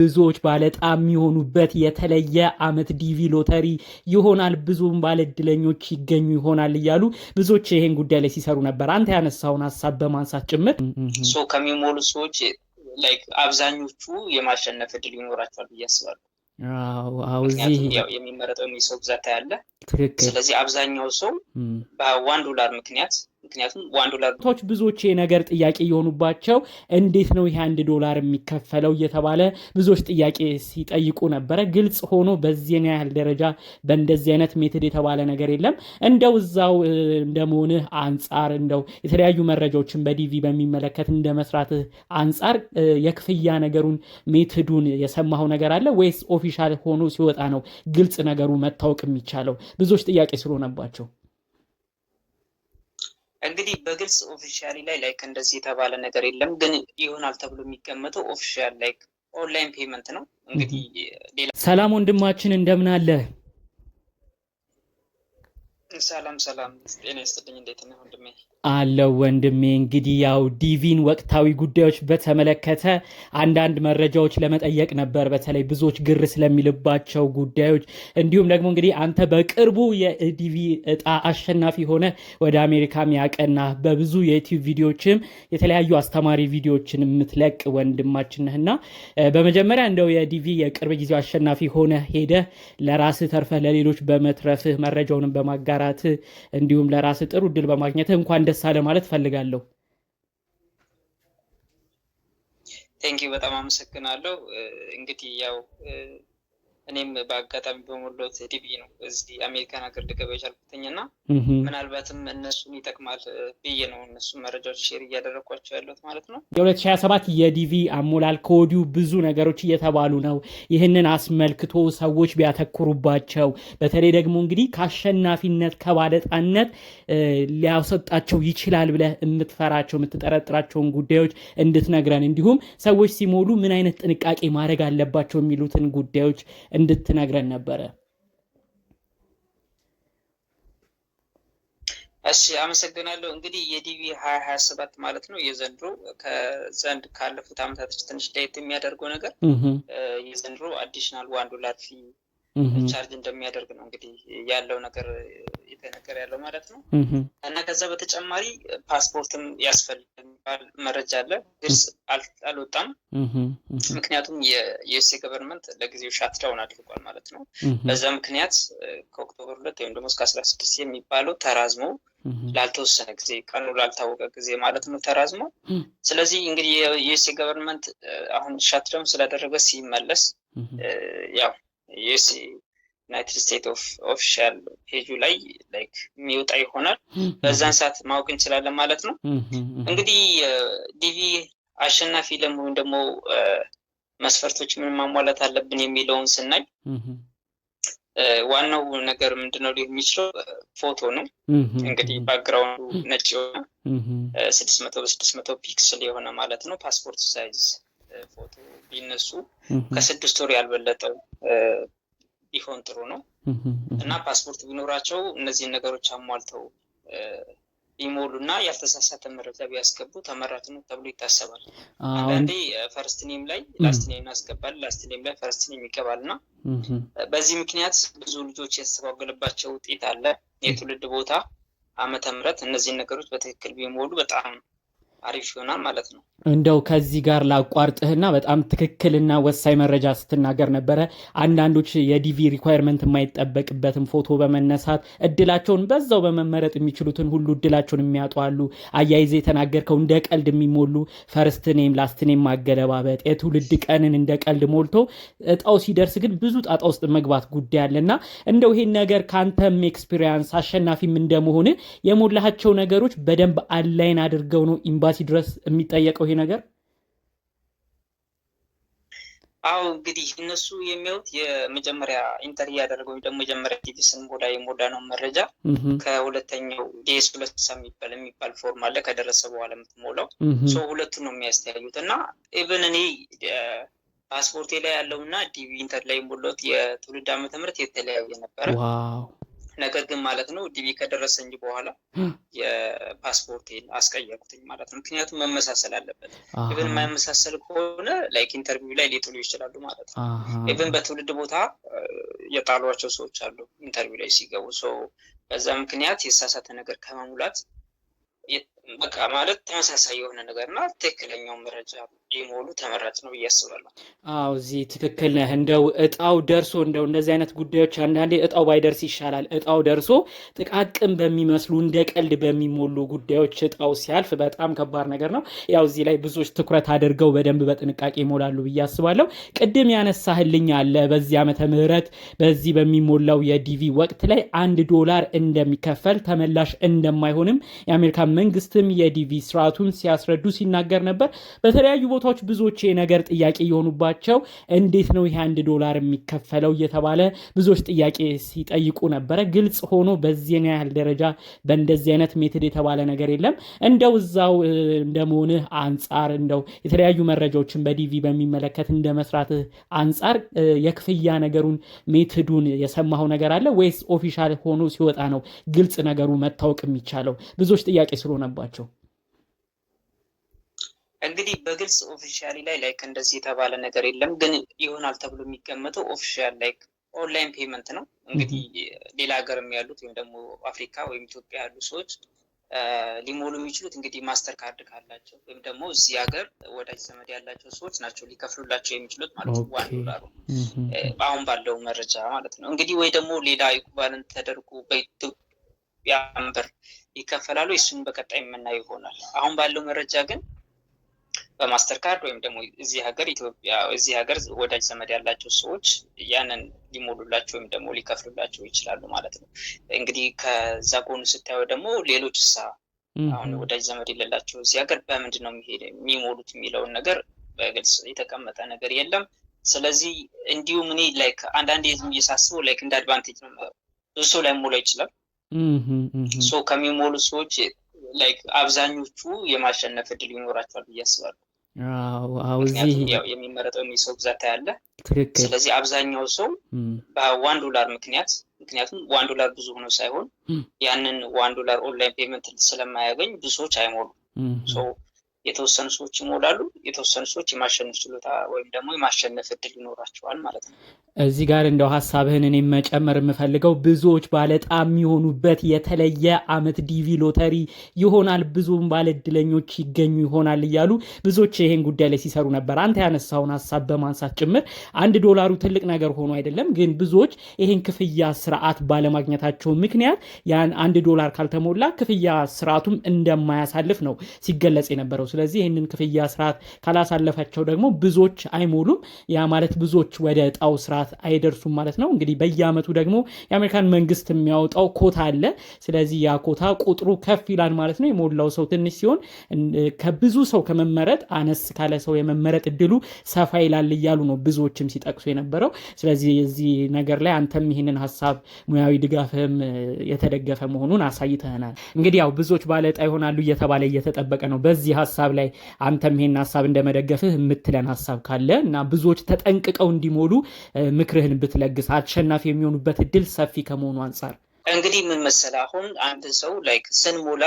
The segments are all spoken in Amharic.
ብዙዎች ባለጣ የሚሆኑበት የተለየ አመት ዲቪ ሎተሪ ይሆናል። ብዙም ባለድለኞች ይገኙ ይሆናል እያሉ ብዙዎች ይሄን ጉዳይ ላይ ሲሰሩ ነበር። አንተ ያነሳውን ሀሳብ በማንሳት ጭምር ከሚሞሉ ሰዎች አብዛኞቹ የማሸነፍ እድል ይኖራቸዋል ብዬ አስባለሁ። የሚመረጠው የሰው ብዛት ያለ፣ ስለዚህ አብዛኛው ሰው በዋን ዶላር ምክንያት ምክንያቱም ዋን ዶላር ብዙዎች የነገር ጥያቄ የሆኑባቸው እንዴት ነው ይሄ አንድ ዶላር የሚከፈለው እየተባለ ብዙዎች ጥያቄ ሲጠይቁ ነበረ። ግልጽ ሆኖ በዚህን ያህል ደረጃ በእንደዚህ አይነት ሜትድ የተባለ ነገር የለም። እንደው እዛው እንደመሆንህ አንጻር እንደው የተለያዩ መረጃዎችን በዲቪ በሚመለከት እንደ መስራትህ አንጻር የክፍያ ነገሩን ሜትዱን የሰማው ነገር አለ ወይስ ኦፊሻል ሆኖ ሲወጣ ነው ግልጽ ነገሩ መታወቅ የሚቻለው? ብዙዎች ጥያቄ ስለሆነባቸው እንግዲህ በግልጽ ኦፊሻሊ ላይ ላይክ እንደዚህ የተባለ ነገር የለም፣ ግን ይሆናል ተብሎ የሚገመተው ኦፊሻል ላይክ ኦንላይን ፔመንት ነው። እንግዲህ ሰላም ወንድማችን እንደምን አለ? ሰላም ሰላም፣ ጤና ይስጥልኝ። እንዴት ነህ ወንድሜ? አለው ወንድሜ። እንግዲህ ያው ዲቪን ወቅታዊ ጉዳዮች በተመለከተ አንዳንድ መረጃዎች ለመጠየቅ ነበር፣ በተለይ ብዙዎች ግር ስለሚልባቸው ጉዳዮች። እንዲሁም ደግሞ እንግዲህ አንተ በቅርቡ የዲቪ እጣ አሸናፊ ሆነ ወደ አሜሪካም ያቀና በብዙ የዩቲዩብ ቪዲዮችም የተለያዩ አስተማሪ ቪዲዮችን የምትለቅ ወንድማችን ነህና በመጀመሪያ እንደው የዲቪ የቅርብ ጊዜው አሸናፊ ሆነ ሄደ ለራስህ ተርፈህ ለሌሎች በመትረፍህ መረጃውንም በማጋር በመጋራት እንዲሁም ለራስ ጥሩ እድል በማግኘት እንኳን ደስ አለ ማለት ፈልጋለሁ። ቴንኪው በጣም አመሰግናለሁ። እንግዲህ ያው እኔም በአጋጣሚ በሞላሁት ዲቪ ነው እዚህ አሜሪካን ሀገር ልገባ የቻልኩትኝ እና ምናልባትም እነሱን ይጠቅማል ብዬ ነው እነሱ መረጃዎች ሼር እያደረግኳቸው ያለት ማለት ነው። የ2027 የዲቪ አሞላል ከወዲሁ ብዙ ነገሮች እየተባሉ ነው። ይህንን አስመልክቶ ሰዎች ቢያተኩሩባቸው፣ በተለይ ደግሞ እንግዲህ ከአሸናፊነት ከባለጣነት ሊያሰጣቸው ይችላል ብለህ የምትፈራቸው የምትጠረጥራቸውን ጉዳዮች እንድትነግረን እንዲሁም ሰዎች ሲሞሉ ምን አይነት ጥንቃቄ ማድረግ አለባቸው የሚሉትን ጉዳዮች እንድትነግረን ነበረ። እሺ አመሰግናለሁ። እንግዲህ የዲቪ ሀያ ሀያ ሰባት ማለት ነው የዘንድሮ ከዘንድ ካለፉት አመታቶች ትንሽ ለየት የሚያደርገው ነገር የዘንድሮ አዲሽናል ዋን ዶላር ፊ ቻርጅ እንደሚያደርግ ነው እንግዲህ ያለው ነገር የተነገረ ያለው ማለት ነው። እና ከዛ በተጨማሪ ፓስፖርትም ያስፈልጋል መረጃ አለ፣ ግልጽ አልወጣም። ምክንያቱም የዩስ ገቨርንመንት ለጊዜው ሻትዳውን አድርጓል ማለት ነው። በዛ ምክንያት ከኦክቶበር ሁለት ወይም ደግሞ እስከ አስራ ስድስት የሚባለው ተራዝሞ ላልተወሰነ ጊዜ ቀኑ ላልታወቀ ጊዜ ማለት ነው ተራዝሞ። ስለዚህ እንግዲህ የዩስ ገቨርንመንት አሁን ሻትዳውን ስላደረገ ሲመለስ ያው ዩኤስ ዩናይትድ ስቴትስ ኦፊሻል ፔጁ ላይ ላይክ የሚወጣ ይሆናል። በዛን ሰዓት ማወቅ እንችላለን ማለት ነው። እንግዲህ ዲቪ አሸናፊ ለመሆን ደግሞ መስፈርቶች ምን ማሟላት አለብን የሚለውን ስናይ ዋናው ነገር ምንድነው ሊሆን የሚችለው ፎቶ ነው። እንግዲህ ባክግራውንዱ ነጭ የሆነ ስድስት መቶ በስድስት መቶ ፒክስል የሆነ ማለት ነው ፓስፖርት ሳይዝ ፎቶ ቢነሱ ከስድስት ወር ያልበለጠ ቢሆን ጥሩ ነው እና ፓስፖርት ቢኖራቸው እነዚህን ነገሮች አሟልተው ቢሞሉ እና ያልተሳሳተ መረጃ ቢያስገቡ ተመራጭ ነው ተብሎ ይታሰባል። አንዳንዴ ፈርስትኔም ላይ ላስትኔም ያስገባል፣ ላስትኔም ላይ ፈርስትኔም ይገባል እና በዚህ ምክንያት ብዙ ልጆች የተሰባገለባቸው ውጤት አለ። የትውልድ ቦታ፣ ዓመተ ምሕረት እነዚህን ነገሮች በትክክል ቢሞሉ በጣም አሪፍ ይሆናል ማለት ነው። እንደው ከዚህ ጋር ላቋርጥህና በጣም ትክክልና ወሳኝ መረጃ ስትናገር ነበረ። አንዳንዶች የዲቪ ሪኳየርመንት የማይጠበቅበትን ፎቶ በመነሳት እድላቸውን በዛው በመመረጥ የሚችሉትን ሁሉ እድላቸውን የሚያጡ አሉ። አያይዘ የተናገርከው እንደ ቀልድ የሚሞሉ ፈርስት ኔም ላስት ኔም ማገለባበጥ የትውልድ ቀንን እንደ ቀልድ ሞልቶ እጣው ሲደርስ ግን ብዙ ጣጣ ውስጥ መግባት ጉዳይ አለና እንደው ይሄን ነገር ከአንተም ኤክስፒሪያንስ አሸናፊም እንደመሆን የሞላቸው ነገሮች በደንብ አላይን አድርገው ነው ኤምባሲ ድረስ የሚጠየቀው ይሄ ነገር? አዎ እንግዲህ እነሱ የሚያዩት የመጀመሪያ ኢንተር እያደረገ ወይም ደግሞ መጀመሪያ ዲቪስን ሞዳ የሞዳ ነው መረጃ ከሁለተኛው ዲኤስ ሁለት ሳ የሚባል የሚባል ፎርም አለ ከደረሰ በኋላ የምትሞላው ሰው ሁለቱ ነው የሚያስተያዩት እና ኢቨን እኔ ፓስፖርቴ ላይ ያለው እና ዲቪ ኢንተር ላይ የሞላሁት የትውልድ ዓመተ ምሕረት የተለያየ ነበረ። ነገር ግን ማለት ነው ዲቪ ከደረሰኝ በኋላ የፓስፖርቴን አስቀየርኩትኝ ማለት ነው። ምክንያቱም መመሳሰል አለበት። ኢቨን የማይመሳሰል ከሆነ ላይክ ኢንተርቪው ላይ ሊጥሉ ይችላሉ ማለት ነው። ኢቨን በትውልድ ቦታ የጣሏቸው ሰዎች አሉ ኢንተርቪው ላይ ሲገቡ። በዛ ምክንያት የሳሳተ ነገር ከመሙላት በቃ ማለት ተመሳሳይ የሆነ ነገር ትክክለኛው መረጃ ቢሞሉ ተመራጭ ነው ብዬ አስባለሁ። አዎ እዚህ ትክክል ነህ። እንደው እጣው ደርሶ እንደው እንደዚህ አይነት ጉዳዮች አንዳንዴ እጣው ባይደርስ ይሻላል። እጣው ደርሶ ጥቃቅን በሚመስሉ እንደ ቀልድ በሚሞሉ ጉዳዮች እጣው ሲያልፍ በጣም ከባድ ነገር ነው። ያው እዚህ ላይ ብዙዎች ትኩረት አድርገው በደንብ በጥንቃቄ ይሞላሉ ብዬ አስባለሁ። ቅድም ያነሳህልኝ አለ በዚህ ዓመተ ምህረት በዚህ በሚሞላው የዲቪ ወቅት ላይ አንድ ዶላር እንደሚከፈል ተመላሽ እንደማይሆንም የአሜሪካ መንግስትም የዲቪ ስርዓቱን ሲያስረዱ ሲናገር ነበር በተለያዩ ቦታዎች ብዙዎች የነገር ጥያቄ የሆኑባቸው እንዴት ነው ይሄ አንድ ዶላር የሚከፈለው እየተባለ ብዙዎች ጥያቄ ሲጠይቁ ነበረ። ግልጽ ሆኖ በዚህን ያህል ደረጃ በእንደዚህ አይነት ሜትድ የተባለ ነገር የለም። እንደው እዛው እንደመሆንህ አንጻር እንደው የተለያዩ መረጃዎችን በዲቪ በሚመለከት እንደ መስራትህ አንጻር የክፍያ ነገሩን ሜትዱን የሰማው ነገር አለ ወይስ ኦፊሻል ሆኖ ሲወጣ ነው ግልጽ ነገሩ መታወቅ የሚቻለው? ብዙዎች ጥያቄ ስለሆነባቸው እንግዲህ በግልጽ ኦፊሻሊ ላይ ላይክ እንደዚህ የተባለ ነገር የለም፣ ግን ይሆናል ተብሎ የሚገመተው ኦፊሻል ላይክ ኦንላይን ፔመንት ነው። እንግዲህ ሌላ ሀገርም ያሉት ወይም ደግሞ አፍሪካ ወይም ኢትዮጵያ ያሉ ሰዎች ሊሞሉ የሚችሉት እንግዲህ ማስተር ካርድ ካላቸው ወይም ደግሞ እዚህ ሀገር ወዳጅ ዘመድ ያላቸው ሰዎች ናቸው ሊከፍሉላቸው የሚችሉት ማለት ነው። ዋን ዶላሩ አሁን ባለው መረጃ ማለት ነው። እንግዲህ ወይ ደግሞ ሌላ ኢኩቫለንት ተደርጎ በኢትዮጵያ ብር ይከፈላሉ። እሱን በቀጣይ የምናየው ይሆናል። አሁን ባለው መረጃ ግን በማስተርካርድ ወይም ደግሞ እዚህ ሀገር ኢትዮጵያ እዚህ ሀገር ወዳጅ ዘመድ ያላቸው ሰዎች ያንን ሊሞሉላቸው ወይም ደግሞ ሊከፍሉላቸው ይችላሉ ማለት ነው። እንግዲህ ከዛ ጎኑ ስታየው ደግሞ ሌሎች እሳ አሁን ወዳጅ ዘመድ የሌላቸው እዚህ ሀገር በምንድን ነው የሚሞሉት የሚለውን ነገር በግልጽ የተቀመጠ ነገር የለም። ስለዚህ እንዲሁም እኔ ላይክ አንዳንድ እየሳስበው ላይክ እንደ አድቫንቴጅ ነው ብዙ ሰው ላይ ሞላ ይችላል ሶ ከሚሞሉ ሰዎች ላይክ አብዛኞቹ የማሸነፍ እድል ይኖራቸዋል ብዬ አስባለሁ። ምክንያቱም ያው የሚመረጠው የሚሰው ብዛት ያለ ስለዚህ አብዛኛው ሰው በዋን ዶላር ምክንያት ምክንያቱም ዋን ዶላር ብዙ ሆኖ ሳይሆን ያንን ዋን ዶላር ኦንላይን ፔመንት ስለማያገኝ ብዙ ሰዎች አይሞሉም የተወሰኑ ሰዎች ይሞላሉ፣ የተወሰኑ ሰዎች የማሸነፍ ችሎታ ወይም ደግሞ የማሸነፍ እድል ይኖራቸዋል ማለት ነው። እዚህ ጋር እንደው ሀሳብህን እኔ መጨመር የምፈልገው ብዙዎች ባለዕጣ የሚሆኑበት የተለየ አመት ዲቪ ሎተሪ ይሆናል፣ ብዙም ባለእድለኞች ይገኙ ይሆናል እያሉ ብዙዎች ይሄን ጉዳይ ላይ ሲሰሩ ነበር። አንተ ያነሳውን ሀሳብ በማንሳት ጭምር አንድ ዶላሩ ትልቅ ነገር ሆኖ አይደለም፣ ግን ብዙዎች ይሄን ክፍያ ስርዓት ባለማግኘታቸው ምክንያት ያን አንድ ዶላር ካልተሞላ ክፍያ ስርዓቱም እንደማያሳልፍ ነው ሲገለጽ የነበረው። ስለዚህ ይህንን ክፍያ ስርዓት ካላሳለፋቸው ደግሞ ብዙዎች አይሞሉም። ያ ማለት ብዙዎች ወደ እጣው ስርዓት አይደርሱም ማለት ነው። እንግዲህ በየአመቱ ደግሞ የአሜሪካን መንግስት የሚያወጣው ኮታ አለ። ስለዚህ ያ ኮታ ቁጥሩ ከፍ ይላል ማለት ነው። የሞላው ሰው ትንሽ ሲሆን ከብዙ ሰው ከመመረጥ አነስ ካለ ሰው የመመረጥ እድሉ ሰፋ ይላል እያሉ ነው ብዙዎችም ሲጠቅሱ የነበረው። ስለዚህ እዚህ ነገር ላይ አንተም ይህንን ሀሳብ ሙያዊ ድጋፍህም የተደገፈ መሆኑን አሳይተህናል። እንግዲህ ያው ብዙዎች ባለዕጣ ይሆናሉ እየተባለ እየተጠበቀ ነው በዚህ ሀሳብ ሀሳብ ላይ አንተም ይሄን ሀሳብ እንደመደገፍህ የምትለን ሀሳብ ካለ እና ብዙዎች ተጠንቅቀው እንዲሞሉ ምክርህን ብትለግስ አሸናፊ የሚሆኑበት እድል ሰፊ ከመሆኑ አንጻር እንግዲህ ምን መሰለህ፣ አሁን አንድ ሰው ላይክ ስንሞላ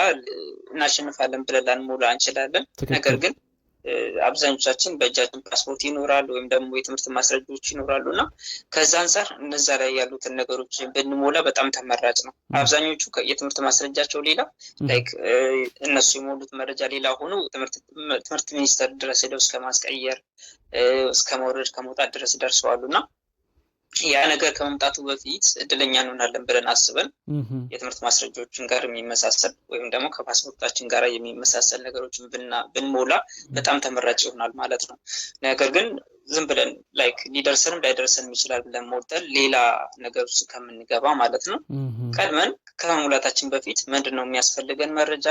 እናሸንፋለን ብለን ላንሞላ እንችላለን። ነገር ግን አብዛኞቻችን በእጃችን ፓስፖርት ይኖራል ወይም ደግሞ የትምህርት ማስረጃዎች ይኖራሉ እና ከዛ አንጻር እነዛ ላይ ያሉትን ነገሮች ብንሞላ በጣም ተመራጭ ነው። አብዛኞቹ የትምህርት ማስረጃቸው ሌላ ላይክ እነሱ የሞሉት መረጃ ሌላ ሆኖ ትምህርት ሚኒስቴር ድረስ ሄደው እስከ ማስቀየር እስከ መውረድ ከመውጣት ድረስ ደርሰዋሉ እና ያ ነገር ከመምጣቱ በፊት እድለኛ እንሆናለን ብለን አስበን የትምህርት ማስረጃዎችን ጋር የሚመሳሰል ወይም ደግሞ ከፓስፖርታችን ጋር የሚመሳሰል ነገሮችን ብንሞላ በጣም ተመራጭ ይሆናል ማለት ነው። ነገር ግን ዝም ብለን ላይክ ሊደርሰንም ላይደርሰንም ይችላል ብለን ሞልተን ሌላ ነገር ውስጥ ከምንገባ ማለት ነው ቀድመን ከመሙላታችን በፊት ምንድን ነው የሚያስፈልገን መረጃ፣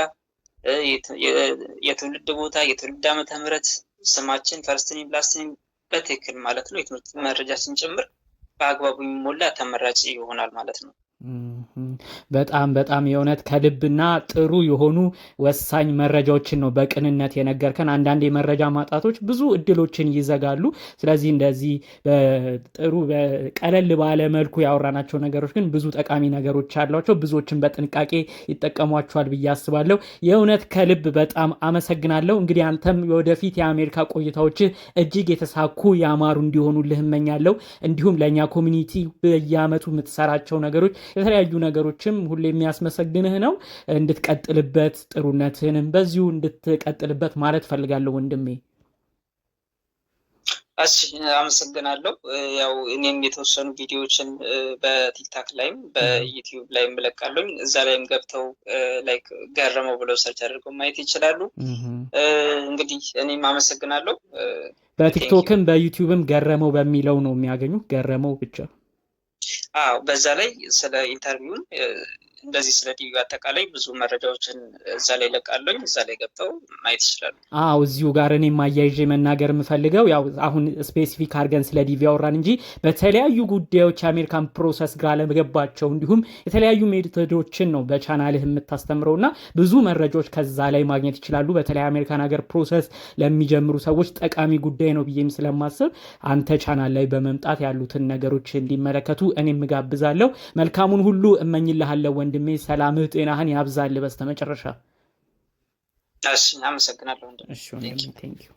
የትውልድ ቦታ፣ የትውልድ ዓመተ ምሕረት፣ ስማችን ፈርስት ኔም ላስት በትክክል ማለት ነው የትምህርት መረጃችን ጭምር በአግባቡ የሚሞላ ተመራጭ ይሆናል ማለት ነው። በጣም በጣም የእውነት ከልብና ጥሩ የሆኑ ወሳኝ መረጃዎችን ነው በቅንነት የነገርከን። አንዳንድ የመረጃ ማጣቶች ብዙ እድሎችን ይዘጋሉ። ስለዚህ እንደዚህ ጥሩ ቀለል ባለ መልኩ ያወራናቸው ነገሮች ግን ብዙ ጠቃሚ ነገሮች አሏቸው። ብዙዎችን በጥንቃቄ ይጠቀሟቸዋል ብዬ አስባለሁ። የእውነት ከልብ በጣም አመሰግናለሁ። እንግዲህ አንተም የወደፊት የአሜሪካ ቆይታዎች እጅግ የተሳኩ ያማሩ እንዲሆኑ እመኛለሁ። እንዲሁም ለእኛ ኮሚኒቲ በየአመቱ የምትሰራቸው ነገሮች የተለያዩ ነገሮች ነገሮችም ሁሌ የሚያስመሰግንህ ነው። እንድትቀጥልበት ጥሩነትህንም በዚሁ እንድትቀጥልበት ማለት ፈልጋለሁ ወንድሜ። እሺ አመሰግናለሁ። ያው እኔም የተወሰኑ ቪዲዮዎችን በቲክታክ ላይም በዩቲዩብ ላይም እለቃለሁ። እዛ ላይም ገብተው ላይክ ገረመው ብለው ሰርች አድርገው ማየት ይችላሉ። እንግዲህ እኔም አመሰግናለሁ። በቲክቶክም በዩቲዩብም ገረመው በሚለው ነው የሚያገኙ ገረመው ብቻ በዛ ላይ ስለ ኢንተርቪውን እንደዚህ ስለ ቲቪ አጠቃላይ ብዙ መረጃዎችን እዛ ላይ ለቃለኝ እዛ ላይ ገብተው ማየት ይችላሉ። አዎ እዚሁ ጋር እኔ ማያይዤ መናገር የምፈልገው ያው አሁን ስፔሲፊክ አድርገን ስለ ዲቪ ያወራን እንጂ በተለያዩ ጉዳዮች የአሜሪካን ፕሮሰስ ጋር ለመገባቸው እንዲሁም የተለያዩ ሜቶዶችን ነው በቻናልህ የምታስተምረው እና ብዙ መረጃዎች ከዛ ላይ ማግኘት ይችላሉ። በተለይ አሜሪካን ሀገር ፕሮሰስ ለሚጀምሩ ሰዎች ጠቃሚ ጉዳይ ነው ብዬም ስለማስብ አንተ ቻናል ላይ በመምጣት ያሉትን ነገሮች እንዲመለከቱ እኔም እጋብዛለሁ። መልካሙን ሁሉ እመኝልሃለሁ ወንድ ወንድሜ ሰላምህ ጤናህን ያብዛል። በስተመጨረሻ። እሺ፣ አመሰግናለሁ።